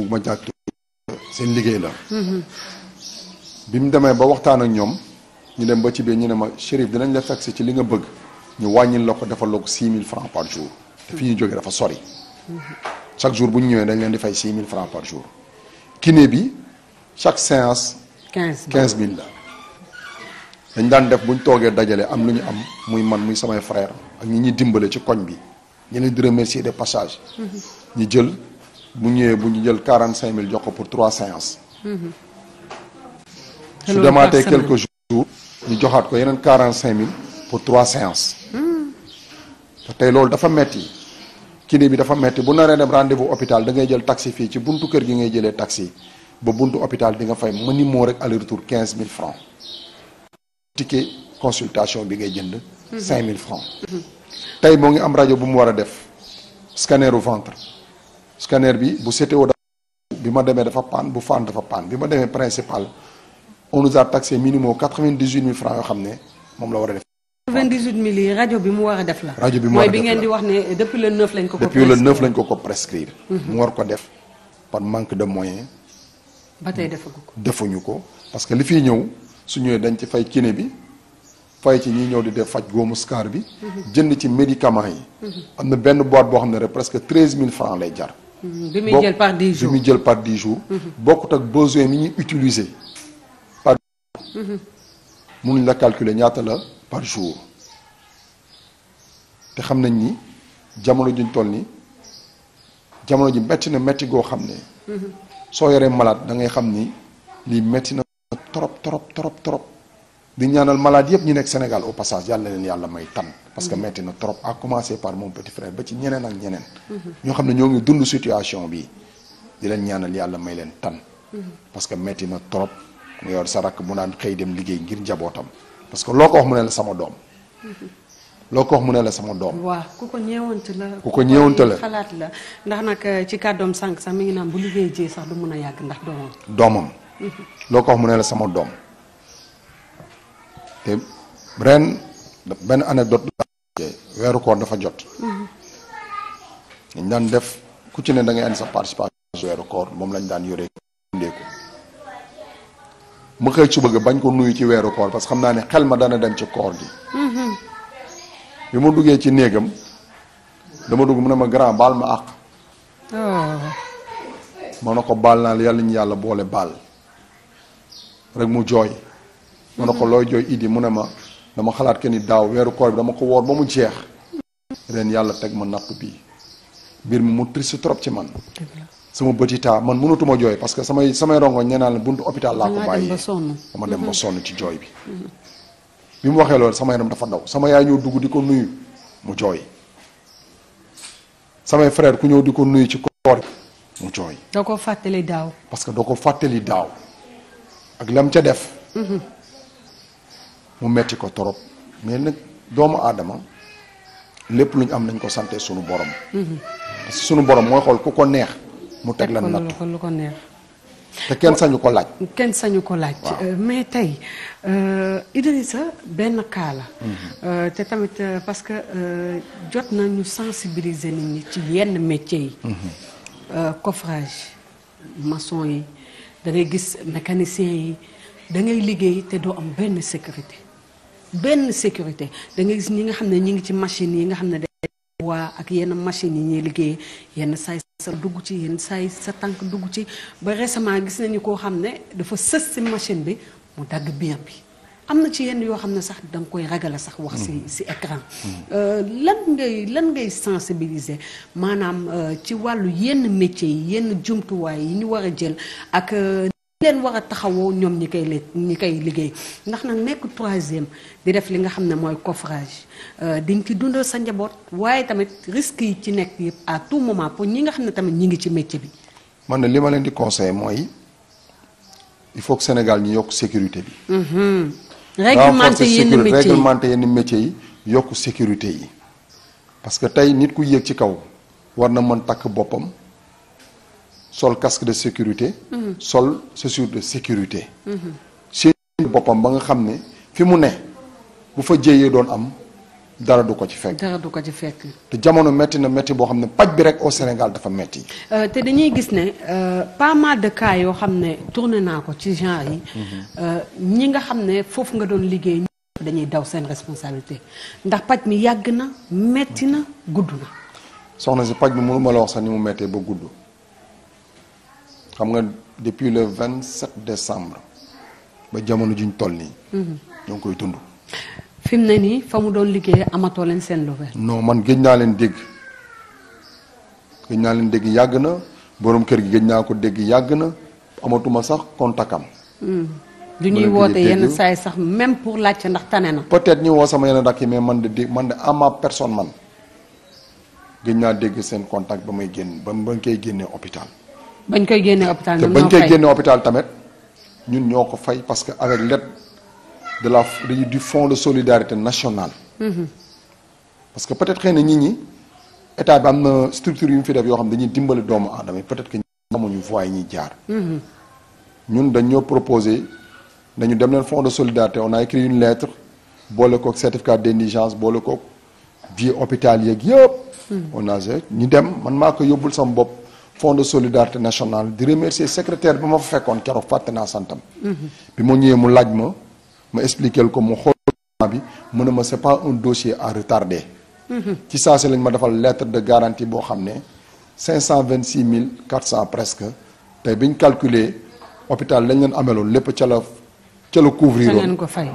Speaker 2: ma jàpp seen liggéey la. bi mu demee ba waxtaan ak ñoom ñu dem ba ci biir ñu ne ma Chérif dinañ la taxé ci li nga bëgg ñu wàññil la ko defal la six mille francs par jour. te fi ñu jógee dafa sori. chaque jour bu ñu ñëwee dañ leen di fay six mille francs par jour kiné bi chaque séance.
Speaker 1: quinze mille quinze mille
Speaker 2: la. dañ daan def bu ñu toogee dajalee am lu ñu am muy man muy samay frère ak ñi ñuy dimbale ci koñ bi ñu leen di remercier de passage. Mm-hmm. ñu jël mu ñëwee bu ñu jël quarante cinq mille jox ko pour trois séances. Mm-hmm. su demaatee quelques jours ñu joxaat ko yeneen quarante cinq mille pour trois séances.
Speaker 6: Mm-hmm.
Speaker 2: tey loolu dafa metti kiné bi dafa metti bu naree dem rendez-vous hôpital da ngay jël taxi fii ci buntu kër gi ngay jëlee taxi. ba buntu hôpital di nga fay mëni moo rek aller retour quinze mille francs ticket consultation bi ngay jënd mhm. cinq mille francs mhm. tey moo ngi am rajo bu mu war a def scanneru ventre scanner bi bu CTO bi ma demee dafa paan bu fan dafa paan bi ma demee principal on nous a taxé minimum quatre vingt dix huit mille francs yoo xam ne moom la war a def
Speaker 1: 98000 bi mu war a def la. rajo bi mooy bi ngeen di wax ne depuis le 9 lañ ko. ko prescrire depuis
Speaker 2: ko ko prescrire. mu war ko def par manque de moyens. ba tey defagu ko defuñu ko parce que li fiy ñëw su ñëwee dañ ci fay cine bi fay ci ñi ñëw di def faj góomu scar bi jënd ci médicament yi mhm. am na benn boîte boo xam ne rek presque treize mille francs lay jar
Speaker 6: mhm. bi muy jël
Speaker 2: par dix jours jël par dix jours bokkut ak besoin mi ñuy utiliser par mënuñ mhm. la calculer ñaata la par jour te xam nañ ni jamono juñ toll ni jamono ji metti na metti goo xam ne soo yoree malaat da ngay xam ni lii metti na trop trop trop trop di ñaanal malaat yëpp ñu nekk Sénégal au passage yàlla leen yàlla may tan parce que mhm. metti na trop à commencé par mon petit frère ba ci ñeneen ak ñeneen. Mhm. ñoo xam ne ñoo ngi dund situation bi di leen ñaanal yàlla may leen tan mhm. parce que metti na trop mu yor sa rakk mu naan xëy dem liggéey ngir njabootam parce que loo ko wax mu ne la sama doom. loo ko wax mu ne la sama doom. waaw
Speaker 1: ku ko ñeewante la. ku ko ñeewante la xalaat la ndax nag eh, ci kàddoom sànq sax mi ngi naan bu liggéey jee sax du mun a yàgg ndax doomam. doomam.
Speaker 2: loo ko wax mu ne la sama doom te ren benn anecdote la weeru koor dafa jot. Mm-hmm. dañ daan def ku ci ne da ngay sa participation weeru koor moom lañ daan yore ndeeku ma xëy ci bëgg bañ ko nuyu ci weeru koor parce que xam naa ne xel ma dana dem ci koor gi. Mm-hmm. bi ma duggee ci néegam dama dugg mu ne ma grand baal ma àq oh. ma ne ko baal naa la yàlla ñu yàlla boole baal rek mu jooy ma ne ko looy jooy idi mu ne ma dama xalaat ke ni daaw weeru koor bi dama ko woor ba mu jeex ren yàlla teg ma napp bii mbir mi mu triste trop ci man sama bëti taa man mënatuma jooy parce que samay samay rongo nee la buntu hôpital laa ko bàyyi dama dem ba sonn ci jooy bi mm-hmm. bi mu waxee loolu sama yaram dafa ndaw sama yaay ñëw dugg di ko nuyu mu jooy samay frère ku ñëw di ko nuyu ci koor mu jooy.
Speaker 1: doo ko fàttali daaw.
Speaker 2: parce que doo ko fàttali daaw ak lam ca def. Mhm. mu metti ko torop mais nag doomu aadama lépp lu ñu am nañ ko sante sunu borom. Mhm. parce sunu borom mooy xool ku ko neex. mu teg la natt lu ko neex. te kenn sañu ko laaj.
Speaker 1: kenn sañu ko laaj. Euh, mais tey. Euh, sa benn cas la. Mhm. Euh, te tamit euh, parce que jot nañu sensibiliser nit ñi ci yenn métiers yi. Mhm. coffrage mason yi da ngay gis mécanicien yi dangay liggéey te doo am benn sécurité benn sécurité da ngay gis ñi nga xam ne ñi ngi ci machine yi nga xam ne dañuy waa ak yenn machine yi ñuy liggéey yenn saay sa dugg ci yenn saay sa tànk dugg ci ba récemment gis nañu koo xam ne dafa sës ci machine bi. mu dagg biir bi am na ci yenn yoo xam ne sax da nga koy ragale sax wax si mm-hmm. si écran euh, lan ngay lan ngay sensibiliser maanaam euh, ci wàllu yenn métier yi yenn jumtuwaay yi ñu war a jël ak euh, leen war a taxawoo ñoom ñi koy l ñi koy liggéey ndax nag nekk troisième di def li nga xam ne mooy di diñ ci dundal sa njaboot waaye tamit risques yi ci nekk yëpp à tout moment pour ñi nga xam ne tamit ñi ngi ci métier bi
Speaker 2: man na li ma leen di conseil mooy il faut que Sénégal ñu yokk sécurité bi.
Speaker 1: Mhm.
Speaker 6: réglementer yenn métiers yi réglementer
Speaker 2: yenn métiers yi yokk sécurité yi. parce que tey nit ku yéeg ci kaw war na mën takk boppam sol casque de sécurité. Mhm. sol chaussure de sécurité. Mhm. sécurité boppam ba nga xam ne fi mu ne bu fa jéyee doon am. dara du ko ci fekk.
Speaker 1: du ko ci fekk.
Speaker 2: te jamono métti na métti boo xam ne paj bi rek au Sénégal dafa métti.
Speaker 1: Euh, te dañuy gis ne euh, pas mal de cas yoo xam ne tourné naa ko ci genre yi.
Speaker 5: Mm-hmm.
Speaker 1: Euh, ñi nga xam ne foofu nga doon liggéey dañuy daw seen responsabilité ndax paj mi yàgg na métti na gudd na.
Speaker 2: soxna si paj bi mu mënuma la wax sax ni mu méttee ba gudd xam nga depuis le vingt sept décembre ba jamono juñ toll nii. Mm-hmm. ñoo koy dund.
Speaker 1: fi mu nii fa mu doon liggéey amatoo leen seen nouvelle.
Speaker 2: non man géej naa leen dégg géej naa leen dégg yàgg na borom kër gi géej naa ko dégg yàgg na amatuma sax contact am.
Speaker 1: Hmm.
Speaker 6: du
Speaker 2: ñuy woote yenn saa
Speaker 1: sax même pour laajte ndax tane na.
Speaker 2: peut-être woo sama yenn rakk yi mais man de dégg man de ama personne man géej naa dégg seen contact ba may génn ba bañ koy génnee hôpital.
Speaker 1: bañ koy génnee hôpital te bañ koy génnee
Speaker 2: hôpital tamit ñun ñoo ko fay parce que avec l'aide de la du fonds de solidarité nationale. Mm-hmm. parce que peut-être xëy na nit ñi état bi am na structure yu mu fi def yoo xam dañuy dimbali doomu aadama yi peut-être que ñi amuñu ñuy jaar. Mm-hmm. ñun dañoo proposé nañu dem leen fonds de solidarité on a écrit une lettre boole koog boole koog billet hôpital yeeg yëpp. Mm-hmm. on ñu dem man maa ko yóbbul sama bopp fonds de solidarité nationale di remercier secrétaire bi ma fa fekkoon keroog fàtte naa santam. bi ma ñëwee mu laaj ma. ma expliqué ko mu xool bi mu ne ma c'est pas un dossier à retarder. ci saa si lañ ma defal lettre de garantie boo xam ne cinq cent vingt six mille quatre cent presque tey bi ñu calculé hôpital lañ leen ameloon lépp ca la ca la couvrir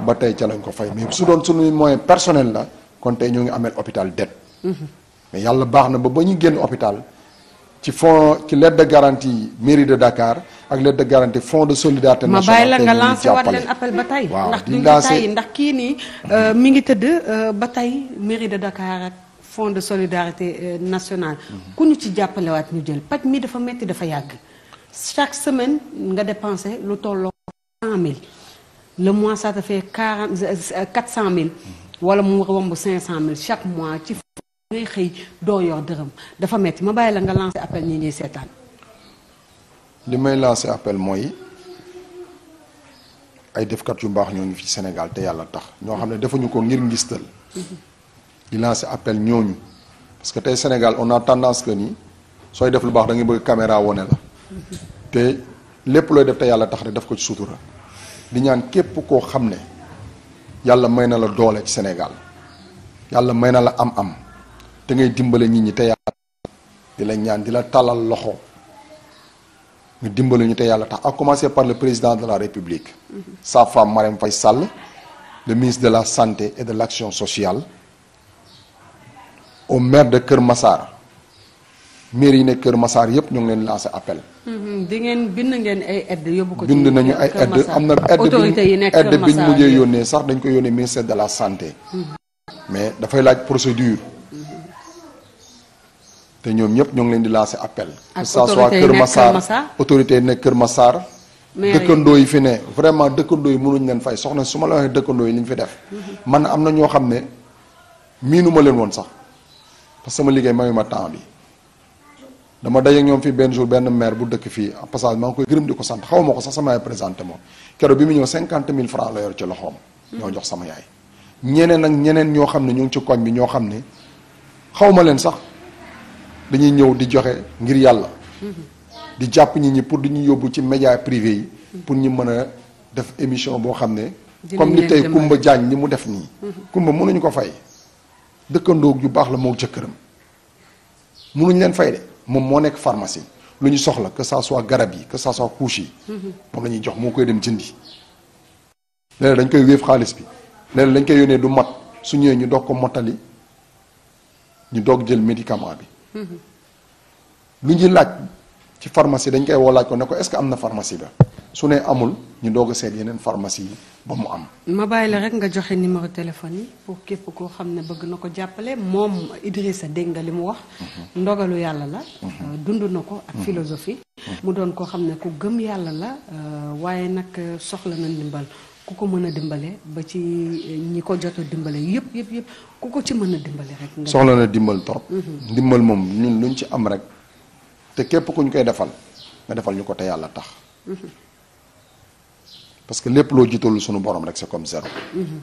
Speaker 2: ba tey ca lañ ko fay mais su doon suñuy moyen personnel la kon tey ñoo ngi amee hôpital det mhm. mais yàlla baax na ba ba ñu génn hôpital ci fonds ci lettre de garantie mairie de Dakar ak lettre de garantie fonds de solidarité nationale ma bàyyi la nga lancé war leen appel ba tey ndax duñu
Speaker 1: tey kii nii euh, mi ngi tëdd euh, ba tey mairie de Dakar ak fonds de solidarité euh, nationale ku ñu ci jàppalewaat ñu jël paj mi dafa metti dafa yàgg chaque semaine nga dépensé lu tolloo cent mille le mois ça te fait quarante cent mille wala mu romb cinq cent mille chaque mois ci ngay xëy doo yor dërëm dafa metti ma bàyyi la nga lancé appel ñi ñuy seetaan.
Speaker 2: li may lancé appel mooy ay defkat yu baax ñoo ngi fi Sénégal te yàlla tax ñoo xam ne defuñu ko ngir ngistal di lancé appel ñooñu parce que tey senegal on a tendance que ni sooy def lu baax dangay ngay bëgg caméra wone la te lépp looy def te yàlla tax rek def ko ci sutura di ñaan képp koo xam ne yàlla may na la doole ci senegal yàlla may na la am-am. te ngay dimbale nit ñi te yàlla di la ñaan di la tàllal loxo nga dimbale ñu te yàlla tax ak commencer par le président de la république mm-hmm. sa femme Marème Faye Sall de ministre de la santé et de l'action sociale au maire de Kër masaar mairie yi nekk Kër masaar yëpp ñoo ngi leen lancer appel.
Speaker 1: Mm-hmm. di ngeen bind ngeen ay aide yóbbu ko. bind nañu ay aide am na aide bi ñu mujjee
Speaker 2: yónnee sax dañ ko yónnee ministère de la santé. Mm-hmm. mais dafay laaj procédure. te ñoom ñëpp ñoo ngi leen di lancer appel. que ça soit Kër Massar autorité yi nekk Kër Massar. dëkkandoo yi fi ne vraiment dëkkandoo yi mënuñ leen fay soxna su ma la waxee dëkkandoo yi li fi def. Mhm. man na am na ñoo xam ne miinu ma leen woon sax parce que sama liggéey mayu ma temps bi dama daje ak ñoom fii benn jour benn maire bu dëkk fii en passage maa ngi koy gërëm di ko sant xaw ma ko sax sama yaay présenté moom keroog bi mu ñëw cinquante mille francs la yor ci loxoom. Mhm. ñoo jox sama yaay. ñeneen ak ñeneen ñoo xam ne ñu ngi ci koñ bi ñoo xam ne xaw leen sax. dañuy ñëw di joxe ngir yàlla mm-hmm. di jàpp nit ñi pour di ñu yóbbu ci média privé yi pour ñu mën a def émission boo xam ne comme ni tey Kumba Jaañ ni mu def nii Kumba mm-hmm. mënuñu ko fay dëkkandoog yu baax la moo jëkkëram mënuñ leen fay de moom moo nekk pharmacie lu ñu soxla que ça soit garab yi que ça soit couche mm-hmm. moom la ñuy jox moo koy dem jëndi léeg dañ koy wéef xaalis bi léeg dañ koy yónnee du mat su ñëwee ñu doog ko mottali ñu doog jël médicament bi lu ñu laaj ci pharmacie dañ koy woo laaj ko ne ko est am na pharmacie ba su ne amul ñu doog a seet yeneen pharmacie yi ba mu am.
Speaker 1: ma bàyyi la rek nga joxe numéro téléphone yi pour képp koo xam ne bëgg na ko jàppale moom Idrissa dégg nga li mu wax. Mhm. ndogalu yàlla la. Mhm. Euh, dund na ko ak mhm. philosophie. mu doon koo xam ne ku gëm yàlla la euh, waaye nag euh, soxla na ndimbal. ku ko mën a dimbale ba ci eh, ñi ko jot a dimbale yëpp yëpp yëpp ku ko ci mën a dimbale rek. soxla
Speaker 2: na dimbal trop. ndimbal mhm. moom ñun ñu ci am rek te képp ku ñu koy defal nga defal ñu ko te yàlla tax. Mhm. parce que lépp loo jiitalu sunu borom rek c'est comme zéro. Mhm.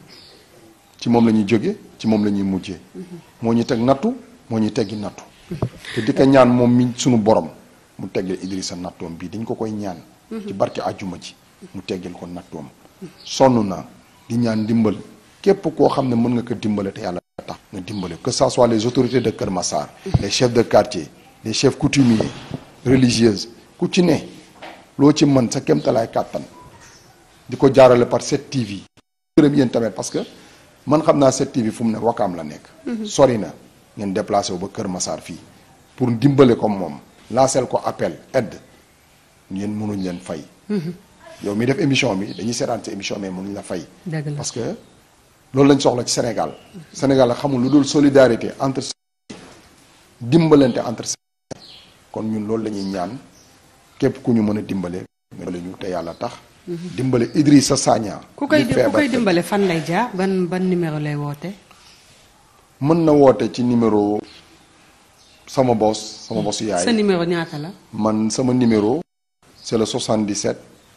Speaker 2: ci moom la ñuy jóge ci moom la ñuy mujjee. moo ñu teg nattu moo ñu teggi nattu. te di ñaan moom mi sunu borom mu teggil Idrissa nattoom bii dañ ko koy ñaan. ci barke àjjuma ji mu teggil ko nattoom. sonn na di ñaan dimbal képp koo xam ne mën nga ko dimbale te yàlla tax nga dimbale que sa soit les autorités de Kër Massar les chefs de quartier les chefs coutumiers religieuses ku ci ne loo ci mën sa kéemtalaay kàttan di ko jaarale par 7TV gërëm yéen tamit parce que man xam naa 7TV fu mu ne wakaam la nekk mhm. sori na ngeen déplacé wu ba Kër masaar fii pour dimbale ko moom laaseel ko appel aide ngeen mënuñ leen fay mhm. yow mi def émission bi dañuy seetaan sa émission mais mënuñ la fay. parce que loolu lañ soxla ci Sénégal. Sénégal la xamul lu dul solidarité entre dimbalante entre kon ñun loolu la ñuy ñaan képp ku ñu mën a dimbale. dimbale te yàlla tax. Mhm. dimbale Idrissa Sagna. ku koy ku koy dimbale
Speaker 1: fan lay jaar ban ban numéro lay woote.
Speaker 2: mën na woote ci numéro sama bos sama mhm. bosu yaay. sa
Speaker 1: numéro ñaata la.
Speaker 2: man sama numéro. c'est le 77.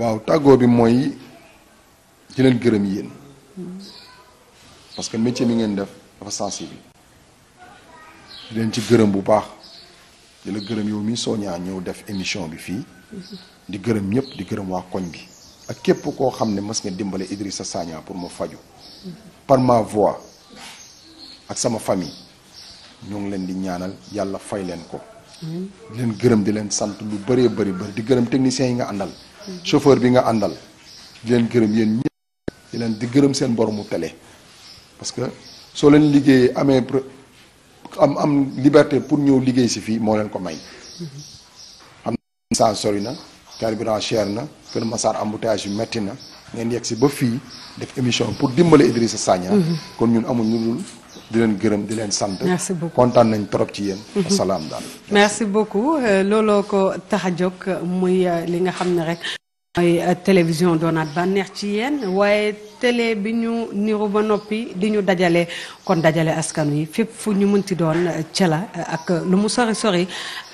Speaker 2: waaw tàggoo bi mooy ci leen gërëm yéen parce que métier mi ngeen def dafa sensible di leen ci gërëm bu baax di la gërëm yow mi soñaa ñëw def émission bi fii di gërëm ñëpp di gërëm waa koñ bi ak képp koo xam ne mës nga dimbale sa Sagna pour ma faju par ma voix ak sama famille ñoo ngi leen di ñaanal yàlla fay leen ko di leen gërëm di leen sant lu bëree bëri bëri di gërëm techniciens yi nga àndal chauffeur bi nga àndal di leen gërëm yéen ñëpp di leen di gërëm seen boromu tele parce que soo leen liggéeyee amee am am liberté pour ñëw liggéey si fii moo leen ko may xam na saa sori na carburant cher na Kër Massar embouteillage yu metti na ngeen yegg si ba fii def émission pour dimbale Idrissa Sagna mhm. kon ñun amuñ lu dul di leen gërëm di leen sant. merci beaucoup kontaan nañ trop ci yéen. Mhm. asalaam daal.
Speaker 1: merci beaucoup euh, looloo ko tax a jóg muy euh, li nga xam ne rek. mooy euh, télévision doonaat bànneex ci yéen waaye. télé bi ñu niru ba noppi di ñu dajale kon dajale askan wi fépp fu ñu mënti doon cela ak lu mu sori sori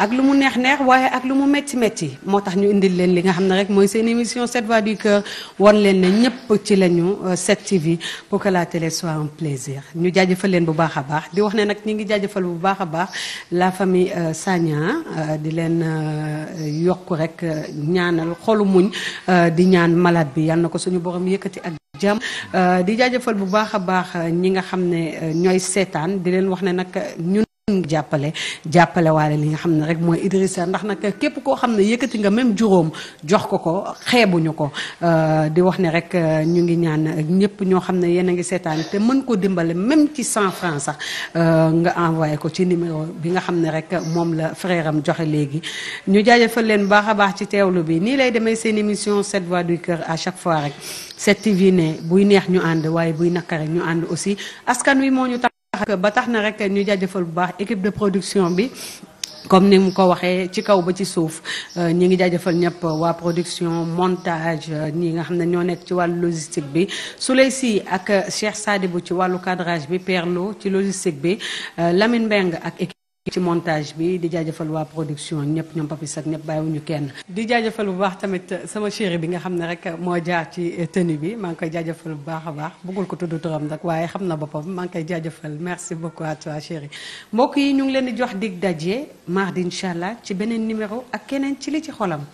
Speaker 1: ak lu mu neex neex waaye ak lu mu metti metti moo tax ñu indil leen li nga xam ne rek mooy seen émission 7 voix du cœur wan leen ne ñëpp ci la ñu 7 TV pour que la télé soit un plaisir ñu jaajëfal leen bu baax a baax di wax ne nag ñi ngi jaajëfal bu baax a baax la famille euh, Sagna euh, di leen euh, yokk rek ñaanal xolu muñ di ñaan malade bi yal na ko suñu borom yëkkati ak jàmm euh, di jaajëfal bu baax a baax euh, ñi nga xam ne euh, ñooy seetaan di leen wax ne nag ñun jàppale jàppale waale li nga xam ne rek mooy Idrissa ndax nag képp koo xam ne yëkkati nga même juróom jox ko ko xeebuñu ko euh, di wax ne rek euh, ñu ngi ñaan ñëpp ñoo xam ne yéen a ngi seetaan te mën ko dimbale même ci cent francs sax euh, nga envoyé ko ci numéro bi nga xam ne rek moom la frère am joxe léegi ñu jaajëfal leen baax baax ci teewlu bi nii lay demee seen émission 7 voix du kër à chaque fois rek 7TV ne buy neex ñu ànd waaye buy naqare ñu ànd aussi askan wi moo ñu ba tax na rek ñu jaajëfal bu baax équipe de production bi comme ni mu ko waxee ci kaw ba ci suuf euh, ñi ngi jaajëfal ñëpp waa production montage euh, ñi nga xam ne ñoo nekk ci wàllu logistique bi Souley Sy ak Cheikh Sadibou ci wàllu cadrage bi Perlo ci logistique bi euh, Lamine Mbeng ak équipe ci montage bi di jaajëfal waa production ñëpp ñoom Papis ak ñëpp bàyyiwuñu kenn. di jaajëfal bu baax tamit sama chéri bi nga xam ne rek moo jaar ci tenue bi maa ngi koy jaajëfal bu baax a baax bëggul ko tudd turam nag waaye xam na boppam maa ngi koy jaajëfal merci beaucoup à toi mbokk yi ñu ngi leen di jox dig daje mardi incha allah ci beneen numéro ak keneen ci li ci xolam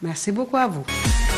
Speaker 1: merci beaucoup à